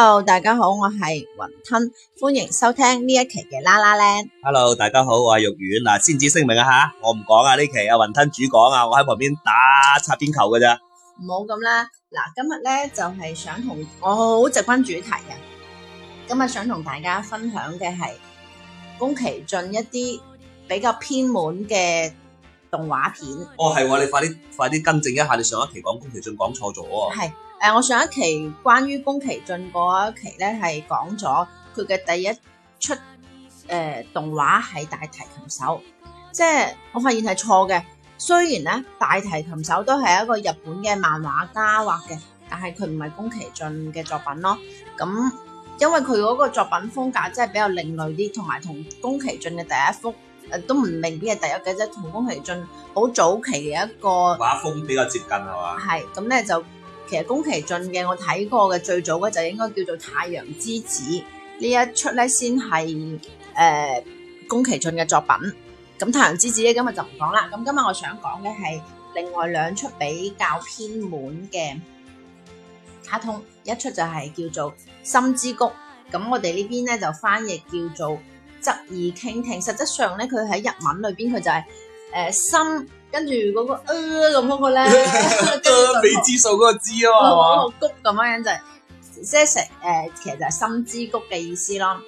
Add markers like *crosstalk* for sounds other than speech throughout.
hello，大家好，我係雲吞，歡迎收聽呢一期嘅啦啦咧。hello，大家好，我係玉丸嗱，先至聲明啊，吓、啊，我唔講啊呢期啊雲吞主講啊，我喺旁邊打擦邊球嘅啫。唔好咁啦，嗱，今日咧就係、是、想同我好直關主題嘅。今日想同大家分享嘅係宮崎駿一啲比較偏門嘅動畫片。哦係喎，你快啲快啲更正一下，你上一期講宮崎駿講錯咗啊。係。誒，我上一期關於宮崎駿嗰一期咧，係講咗佢嘅第一出誒動畫係《大提琴手》，即係我發現係錯嘅。雖然咧《大提琴手》都係一個日本嘅漫畫家畫嘅，但係佢唔係宮崎駿嘅作品咯。咁因為佢嗰個作品風格真係比較另類啲，同埋同宮崎駿嘅第一幅誒都唔明邊係第一嘅啫，同宮崎駿好早期嘅一個畫風比較接近係嘛？係咁咧就。其實宮崎駿嘅我睇過嘅最早嘅就應該叫做《太陽之子》呢一出咧，先係誒、呃、宮崎駿嘅作品。咁《太陽之子呢》咧今日就唔講啦。咁今日我想講嘅係另外兩出比較偏門嘅卡通，一出就係叫做《心之谷》，咁我哋呢邊咧就翻譯叫做《側耳傾聽》。實質上咧，佢喺日文裏邊佢就係、是、誒、呃、心。跟住嗰、那個呃咁嗰個咧，呃未知數嗰個知喎，嗰個谷咁樣就即係食誒，其實就係心之谷嘅意思咯。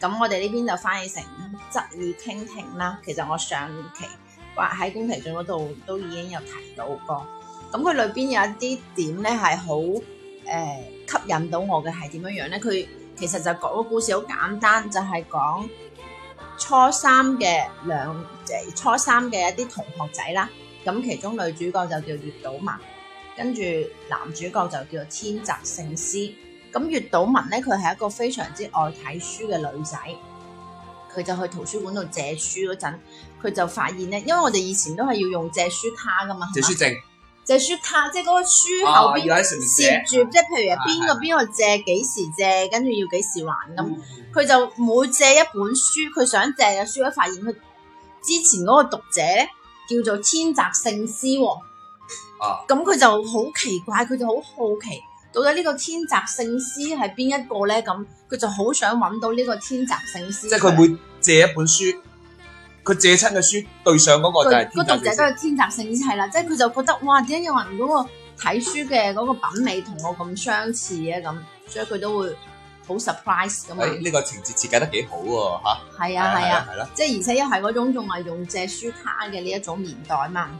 咁我哋呢邊就翻譯成側耳傾聽啦。其實我上期話喺宮崎駿嗰度都已經有提到過。咁佢裏邊有一啲點咧係好誒吸引到我嘅係點樣樣咧？佢其實就講個故事好簡單，就係講。初三嘅兩誒，初三嘅一啲同學仔啦，咁其中女主角就叫月島文，跟住男主角就叫做天澤聖司。咁月島文咧，佢係一個非常之愛睇書嘅女仔，佢就去圖書館度借書嗰陣，佢就發現咧，因為我哋以前都係要用借書卡㗎嘛，借書證。借書卡，即係嗰個書後邊攝住、啊，即係譬如邊個邊是是 個借，幾時借，跟住要幾時還咁。佢、嗯、就每借一本書，佢想借嘅書咧，發現佢之前嗰個讀者叫做天澤聖司喎。哦、啊！咁佢就好奇怪，佢就好好奇，到底呢個天澤聖司係邊一個咧？咁佢就好想揾到呢個天澤聖司。即係佢會借一本書。佢借親嘅書對上嗰個就係，個讀者都係天澤性子係啦，即係佢就覺得哇點解有人嗰個睇書嘅嗰個品味同我咁相似嘅咁，所以佢都會好 surprise 咁啊！呢、哎呢個情節設計得幾好喎嚇，係啊係啊，即係而且一係嗰種仲係用借書卡嘅呢一種年代嘛，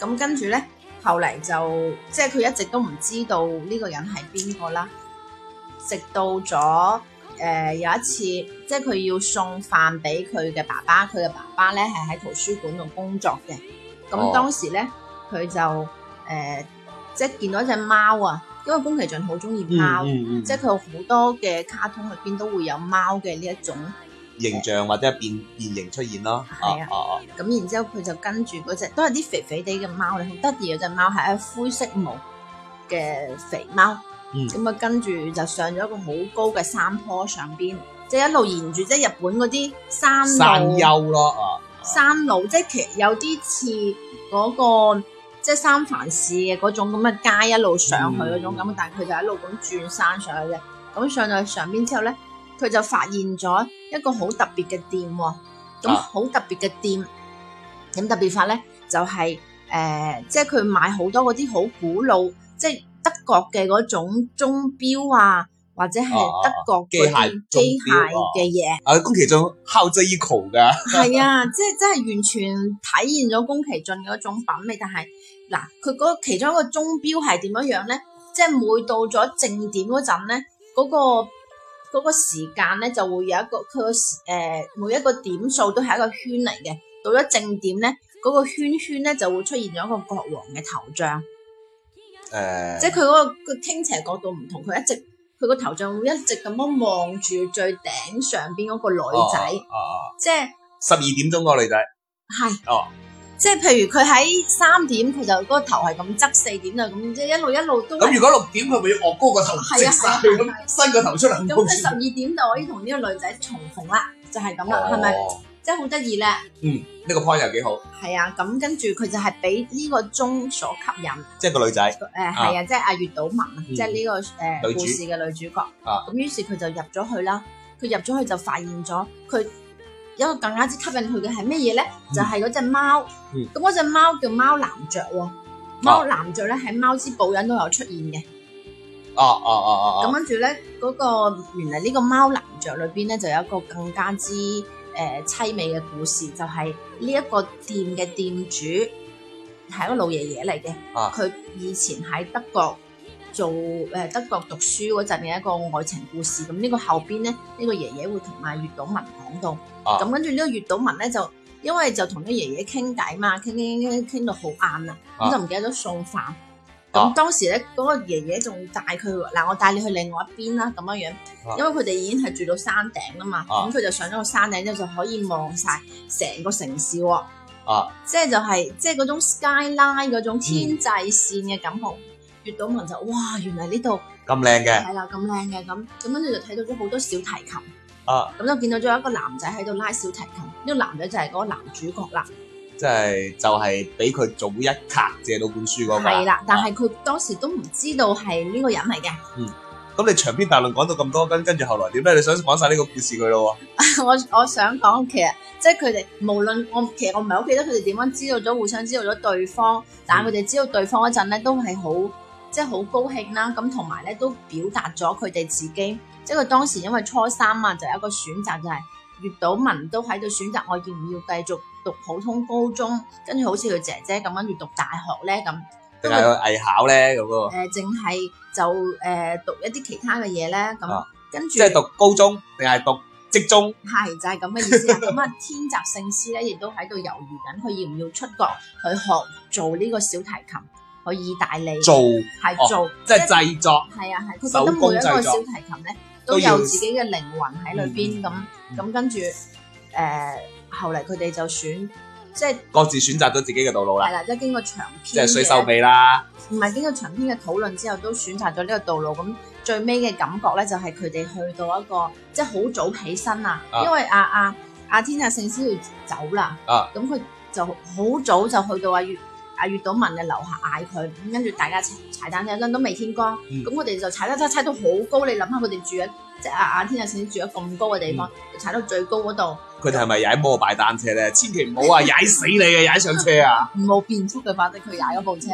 咁跟住咧後嚟就即係佢一直都唔知道呢個人係邊個啦，直到咗。誒、呃，有一次，即係佢要送飯俾佢嘅爸爸，佢嘅爸爸咧係喺圖書館度工作嘅。咁當時咧，佢、哦、就誒、呃，即係見到一隻貓啊，因為宮崎駿好中意貓，嗯嗯嗯、即係佢好多嘅卡通入邊都會有貓嘅呢一種形象或者變變形出現咯。係啊，咁、啊啊、然之後佢就跟住嗰隻都係啲肥肥哋嘅貓嚟，好得意嘅隻貓係一,一灰色毛嘅肥貓。咁啊，嗯、跟住就上咗一個好高嘅山坡上邊，即、就、係、是、一路沿住即係日本嗰啲山路，山丘咯啊，啊山路即係其實有啲似嗰個即係、就是、三藩市嘅嗰種咁嘅街，一路上去嗰種咁，嗯、但係佢就一路咁轉山上去嘅。咁上到去上邊之後咧，佢就發現咗一個好特別嘅店，咁好特別嘅店點、啊、特別法咧，就係、是、誒，即係佢買好多嗰啲好古老即係。就是德國嘅嗰種鐘表啊，或者係德國嘅機械、啊、機械嘅嘢。械啊，宮崎駿考這一套㗎。係啊， *laughs* 啊，即係真係完全體現咗宮崎駿嗰種品味。但係嗱，佢嗰其中一個鐘表係點樣樣咧？即係每到咗正點嗰陣咧，嗰個嗰個時間咧就會有一個佢嘅誒，每一個點數都係一個圈嚟嘅。到咗正點咧，嗰個圈圈咧就會出現咗一個國王嘅頭像。誒，嗯、即係佢嗰個個傾斜角度唔同，佢一直佢個頭像會一直咁樣望住最頂上邊嗰個女仔，哦，哦即係十二點鐘嗰個女仔，係是哦，即係譬如佢喺三點，佢就嗰個頭係咁側，四點就咁，即係一路一路都咁。如果六點，佢會唔會臥高個頭 3,、啊，折晒佢咁，伸個頭出嚟咁？佢十二點就可以同呢個女仔重逢啦，就係咁啦，係咪、哦？真係好得意咧，嗯，呢、這個 point 又幾好，係啊，咁跟住佢就係俾呢個鐘所吸引，即係個女仔，誒係啊，嗯、即係阿月島文，即係呢個誒故事嘅女主角，主啊，咁於是佢就入咗去啦。佢入咗去就發現咗佢一個更加之吸引佢嘅係咩嘢咧？嗯、就係嗰隻貓，咁嗰、嗯、隻貓叫貓男爵喎。貓男爵咧喺《貓之報恩》都有出現嘅，哦哦哦。啊！咁跟住咧嗰個原來呢個貓男爵裏邊咧就有一個更加之。誒，凄、呃、美嘅故事就係呢一個店嘅店主係一個老爺爺嚟嘅，佢、啊、以前喺德國做誒、呃、德國讀書嗰陣嘅一個愛情故事。咁、嗯、呢、呢個後邊咧，呢、呢個爺爺會同埋月島文講到，咁跟住呢個月島文咧就因為就同啲爺爺傾偈嘛，傾傾傾傾傾到好晏啦，咁、啊、就唔記得咗送飯。咁當時咧，嗰、那個爺爺仲帶佢，嗱，我帶你去另外一邊啦，咁樣樣，因為佢哋已經係住到山頂啦嘛，咁佢、啊、就上咗個山頂之後就可以望晒成個城市喎，啊，即係就係、是、即係嗰種 skyline 嗰種天際線嘅感覺，月島、嗯、民就哇，原來呢度咁靚嘅，係啦，咁靚嘅，咁，咁跟住就睇到咗好多小提琴，啊，咁就見到咗一個男仔喺度拉小提琴，呢、啊、個男仔就係嗰個男主角啦。即係就係俾佢早一刻借到本書嗰個。係啦，但係佢當時都唔知道係呢個人嚟嘅。嗯，咁你長篇大論講到咁多，跟跟住後來點咧？你想講晒呢個故事佢咯？我我想講，其實即係佢哋無論我其實我唔係好記得佢哋點樣知道咗互相知道咗對方，但係佢哋知道對方嗰陣咧都係好即係好高興啦。咁同埋咧都表達咗佢哋自己，即係佢當時因為初三啊，就有一個選擇就係。月島雯都喺度選擇，我要唔要繼續讀普通高中？跟住好似佢姐姐咁樣要讀大學咧咁，定係藝考咧咁喎？誒，淨係就誒讀一啲其他嘅嘢咧咁，跟住即係讀高中定係讀職中？係就係咁嘅意思。咁啊，天澤聖司咧亦都喺度猶豫緊，佢要唔要出國去學做呢個小提琴去意大利做，係做即係製作，係啊係。佢覺得每一個小提琴咧都有自己嘅靈魂喺裏邊咁。咁、嗯、跟住，誒、呃，後嚟佢哋就選，即、就、係、是、各自選擇咗自己嘅道路啦。係啦，即係經過長篇，即係衰收尾啦。唔係經過長篇嘅討論之後都選擇咗呢個道路。咁最尾嘅感覺咧，就係佢哋去到一個即係好早起身啊，因為阿阿阿天下聖師要走啦。啊，咁、啊、佢、啊、就好早就去到阿、啊、月。阿越島民嘅樓下嗌佢，跟住大家踩，踩單車，一陣都未天光，咁我哋就踩，踩踩到好高。你諗下，佢哋住一即係阿阿天際線住咗咁高嘅地方，嗯、踩到最高嗰度。佢哋係咪踩摩拜單車咧？ *laughs* 千祈唔好話踩死你嘅、啊、踩上車啊！唔好 *laughs* 變速嘅，反正佢踩咗部車，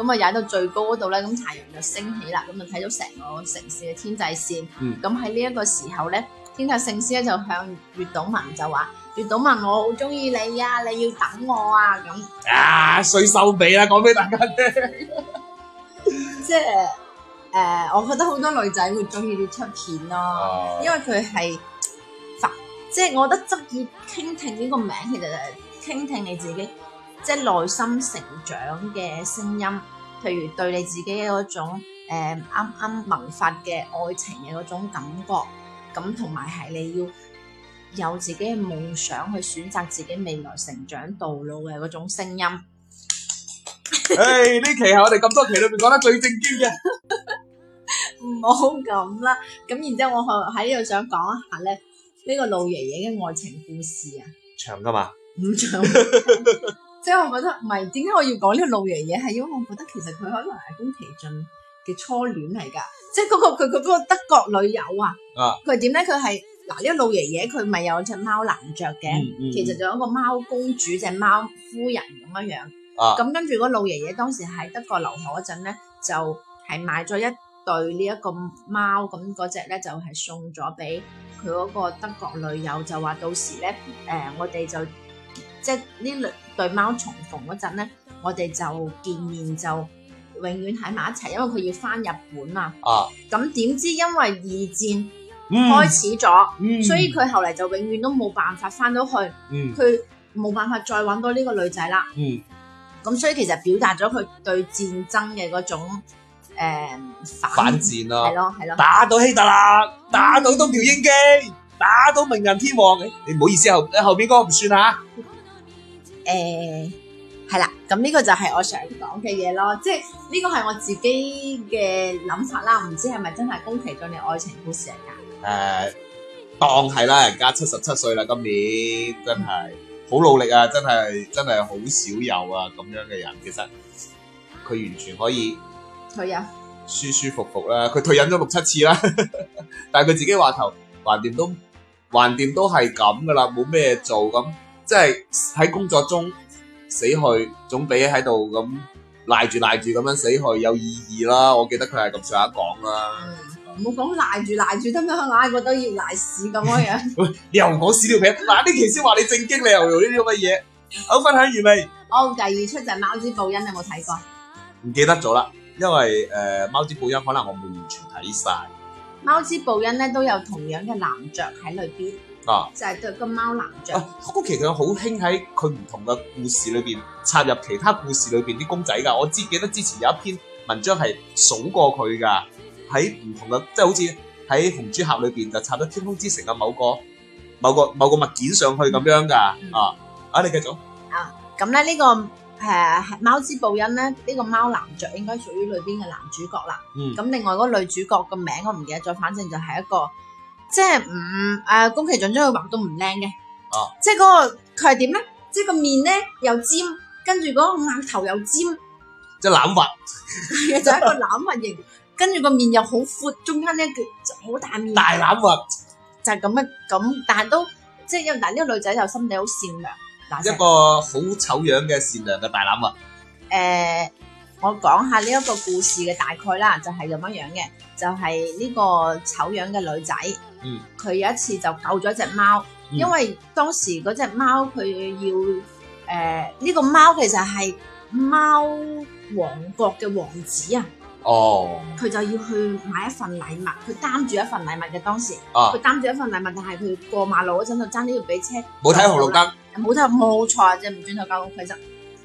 咁啊踩到最高嗰度咧，咁太陽就升起啦，咁就睇到成個城市嘅天際線。咁喺呢一個時候咧，天際線先咧就向越島民就話。遇到問我好中意你啊，你要等我啊咁。啊，水秀尾啊，講俾大家聽。即係誒，我覺得好多女仔會中意呢出片咯、啊，啊、因為佢係發，即係、就是、我覺得執意傾聽呢個名其實係傾聽你自己，即係內心成長嘅聲音。譬如對你自己嘅嗰種啱啱萌發嘅愛情嘅嗰種感覺，咁同埋係你要，有自己嘅夢想，去選擇自己未來成長道路嘅嗰種聲音、 *laughs* 欸。誒，呢期係我哋咁多期裏面講得最正經嘅。唔好咁啦，咁然之後我喺呢度想講一下咧，呢、這個老爺爺嘅愛情故事啊，長噶嘛？唔 *laughs* 長的， *laughs* *laughs* *laughs* 即係我覺得唔係，點解我要講呢個老爺爺？係因為我覺得其實佢可能係宮崎駿嘅初戀嚟噶，即係、那、嗰個佢佢嗰個德國女友啊，佢係點咧？佢係。嗱，呢個老爺爺佢咪有隻貓男爵嘅，嗯嗯、其實仲有一個貓公主，隻貓夫人咁樣樣。咁、啊、跟住嗰老爺爺當時喺德國留學嗰陣咧，就係、是、買咗一對貓、那個、呢一個貓，咁嗰隻咧就係、是、送咗俾佢嗰個德國女友，就話到時咧，誒、呃、我哋就即係呢兩對貓重逢嗰陣咧，我哋就見面就永遠喺埋一齊，因為佢要返日本啊。咁點知因為二戰。嗯、開始咗，嗯、所以佢後嚟就永遠都冇辦法翻到去，佢冇、嗯、辦法再搵到呢個女仔啦。咁、嗯、所以其實表達咗佢對戰爭嘅嗰種誒、呃、反，反戰、啊、咯，係咯係咯，打到希特勒，嗯、打到東條英機，打到明仁天皇，欸、你唔好意思，后後邊嗰個唔算吓。誒、嗯。欸係啦，咁呢個就係我想講嘅嘢咯，即係呢個係我自己嘅諗法啦，唔知係咪真係宮崎駿嘅愛情故事嚟噶？誒，當係啦，人家七十七歲啦，今年真係好努力啊，真係真係好少有啊，咁樣嘅人，其實佢完全可以退隱，啊，舒舒服服啦，啊，佢退隱咗六七次啦， *laughs* 但係佢自己話頭，橫掂都橫掂都係咁噶啦，冇咩做咁，即係喺工作中。死去總比喺度咁賴住賴住咁樣死去有意義啦！我記得佢係咁上下講啦，冇講賴住賴住，點解我硬覺得要賴屎咁樣？你又講屎尿屁，嗱呢期先話你正經，你又用呢啲咁嘅嘢，好分享完未？我第二出就係《貓之報恩》，你有冇睇過？唔記得咗啦，因為誒《貓之報恩》可能我冇完全睇晒，《貓之報恩》咧都有同樣嘅男爵喺裏邊。就係對個貓男爵啊！古奇佢好興喺佢唔同嘅故事裏邊插入其他故事裏邊啲公仔噶，我知記得之前有一篇文章係數過佢噶，喺唔同嘅，即係好似喺紅珠盒裏邊就插咗天空之城嘅某個某個某個物件上去咁樣噶啊！啊，你繼續啊！咁咧呢個誒貓之報恩咧，呢個貓男爵應該屬於裏邊嘅男主角啦。咁另外嗰個女主角個名我唔記得咗，反正就係一個。即係唔誒，宮崎駿將佢畫到唔靚嘅，即係嗰個佢係點咧？即係個面咧又尖，跟住嗰個額頭又尖，即欖核 *laughs* 就欖核，就係一個欖核型，跟住個面又好闊，中間咧好大面大欖核，就係咁樣咁，但係都即係因為呢個女仔就心地好善良，一個好醜樣嘅善良嘅大欖核。誒、呃，我講下呢一個故事嘅大概啦，就係、是、咁樣樣嘅，就係、是、呢個醜樣嘅女仔。佢、嗯、有一次就救咗隻貓，因為當時嗰隻貓佢要誒呢、呃，這個貓其實係貓王國嘅王子啊。哦，佢就要去買一份禮物，佢擔住一份禮物嘅當時，佢、啊、擔住一份禮物，但係佢過馬路嗰陣就爭啲要俾車，冇睇紅綠燈，冇睇冇錯啊，即唔轉頭交通規則。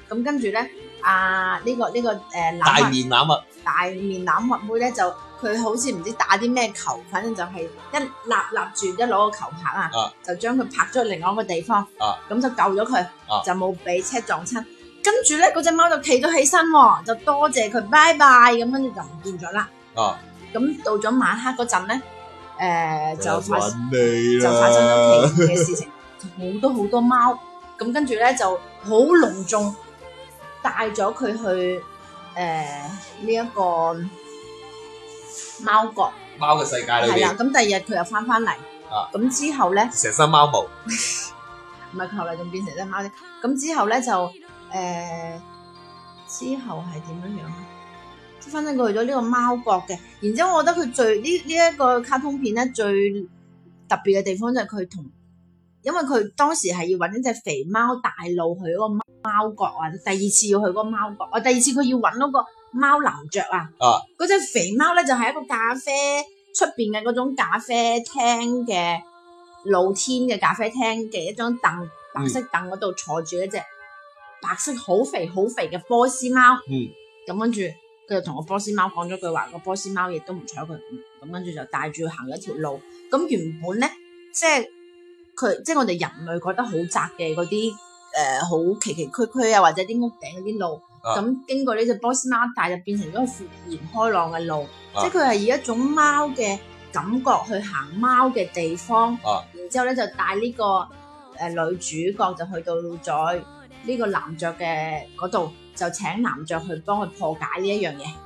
咁跟住咧。啊！呢、這個呢、這個誒，欖、呃、男女 大面欖物大面欖物妹咧，就佢好似唔知打啲咩球，反正就係、是、一立立住，一攞個球拍啊，就將啊，就將佢拍咗去另外一個地方，咁就救咗佢，就冇俾車撞親。跟住咧，嗰隻貓就企咗起身，就多謝佢，拜拜咁樣就唔見咗啦。啊！咁到咗晚黑嗰陣咧，誒，就發就發生咗其他嘅事情，好多好多貓，咁跟住咧就好隆重。帶咗佢去誒呢一個貓國，貓嘅世界裏邊。係啊，咁第二日佢又翻翻嚟。咁、啊、之後咧，成身貓毛，唔係佢後嚟仲變成隻貓咧。咁之後咧就誒、呃，之後係點樣樣咧？即係反正佢去咗呢個貓國嘅。然之後，我覺得佢最呢呢一個卡通片咧最特別嘅地方就，就係佢同。因為佢當時係要搵一隻肥貓帶路去嗰個貓國啊，第二次要去嗰個貓國，啊，第二次佢要搵嗰個貓男爵啊，嗰隻、啊、肥貓咧就係、是、一個咖啡出邊嘅嗰種咖啡廳嘅露天嘅咖啡廳嘅一張凳，白色凳嗰度坐住一隻白色好肥好肥嘅波斯貓，咁、嗯、跟住佢就同個波斯貓講咗句話，個波斯貓亦都唔睬佢，咁跟住就帶住佢行一條路，咁原本咧即係。就是佢即係我哋人類覺得好窄嘅嗰啲誒，好、呃、崎崎、嶇嶇啊，或者啲屋頂嗰啲路咁，啊、經過呢隻波斯貓帶就變成咗個豁然開朗嘅路，啊、即係佢係以一種貓嘅感覺去行貓嘅地方，啊、然之後咧就帶呢、這個誒、呃、女主角就去到咗呢個男爵嘅嗰度，就請男爵去幫佢破解呢一樣嘢。啊、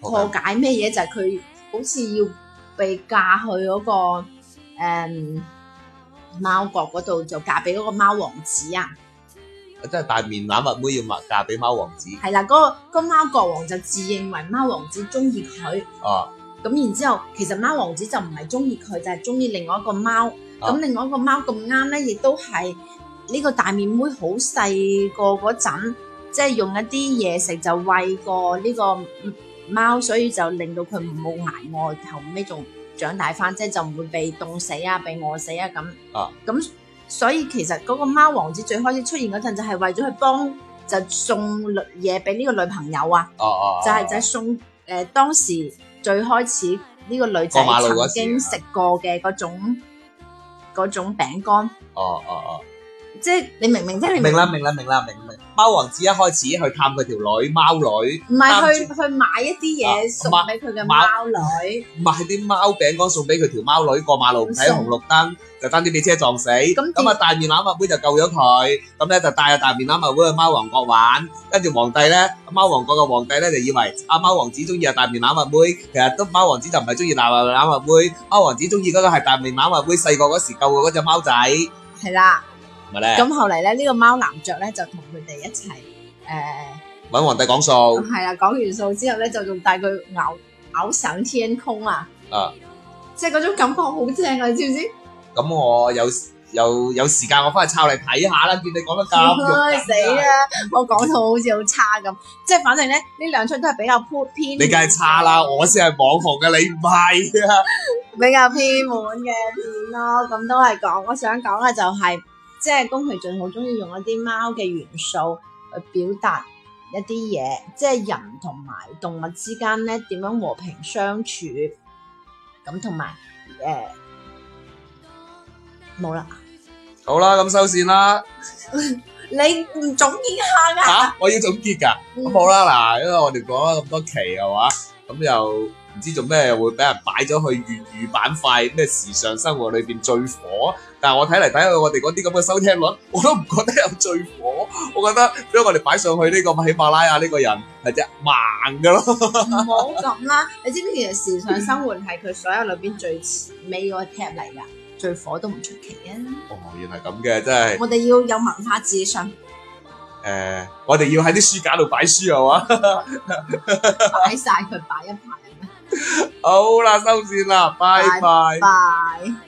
破解咩嘢就係、是、佢好似要被嫁去嗰、那個、嗯貓國嗰度就嫁俾嗰個貓王子啊！啊，即係大面懶物妹要嫁嫁俾貓王子。係啦，嗰個嗰個貓國王就自認為貓王子中意佢。哦，咁然之後，其實貓王子就唔係中意佢，就係中意另外一個貓。咁另外一個貓咁啱咧，亦都係呢個大面妹好細個嗰陣，即係用一啲嘢食就喂過呢個貓，所以就令到佢唔好挨餓，後尾仲。長大翻，即係就唔會被凍死啊，被餓死啊咁。咁、oh. 所以其實嗰個貓王子最開始出現嗰陣，就係為咗去幫，就送嘢俾呢個女朋友啊。哦哦、oh. 就係，就係就係送誒、呃，當時最開始呢個女仔曾經食過嘅嗰種嗰、oh. 種餅乾。哦哦哦。即係你明唔明？你明啦明啦明啦，明唔明，貓王子一開始去探佢條女貓女，唔係去去買一啲嘢送俾佢嘅貓女，唔係啲貓餅乾送俾佢條貓女，過馬路唔睇紅綠燈，就爭啲俾車撞死咁。咁啊大面攬物杯就救咗佢，咁咧就帶啊大面攬物杯去貓王國玩，跟住皇帝咧貓王國嘅皇帝咧就以為阿貓王子中意啊大面攬物杯，其實都貓王子就唔係中意大面攬物攬物杯，貓王子中意嗰個係大面攬物杯細個嗰時救過嗰隻貓仔，係啦。咁後嚟咧，呢、這個貓男爵咧就同佢哋一齊誒，揾、呃、皇帝講數，係啊，講完數之後咧，就仲帶佢咬翱翔天空啊，啊，即係嗰種感覺好正啊，你知唔知？咁我有有有時間，我翻去抄嚟睇下啦。見你講得咁、啊，死啦！ *laughs* 我講到好似好差咁，即係反正咧，呢兩出都係比較偏，你梗係差啦，我先係網紅嘅，你唔係啊，比較偏門嘅、啊、片咯。咁都係講，我想講嘅就係、是。即係宮崎駿好中意用一啲貓嘅元素去表達一啲嘢，即係人同埋動物之間咧點樣和平相處，咁同埋誒，冇、欸、啦，好啦，咁收線啦。 *laughs* 你唔總結下噶？吓、啊，我要總結噶。好啦、嗯，嗱、啊，因為我哋講咗咁多期嘅話，咁又唔知做咩會俾人擺咗去粵語板塊咩？時尚生活裏邊最火，但係我睇嚟睇去，我哋嗰啲咁嘅收聽率，我都唔覺得有最火。我覺得如果我哋擺上去呢個喜馬拉雅呢個人係隻盲噶咯。唔好咁啦，你知唔知其實時尚生活係佢所有裏邊最尾個 tab 嚟噶，最火都唔出奇啊。哦，原來咁嘅，真係。我哋要有文化自信。誒，我哋要喺啲書架度擺書係嘛？擺曬佢擺一排。好啦，收線啦，拜拜。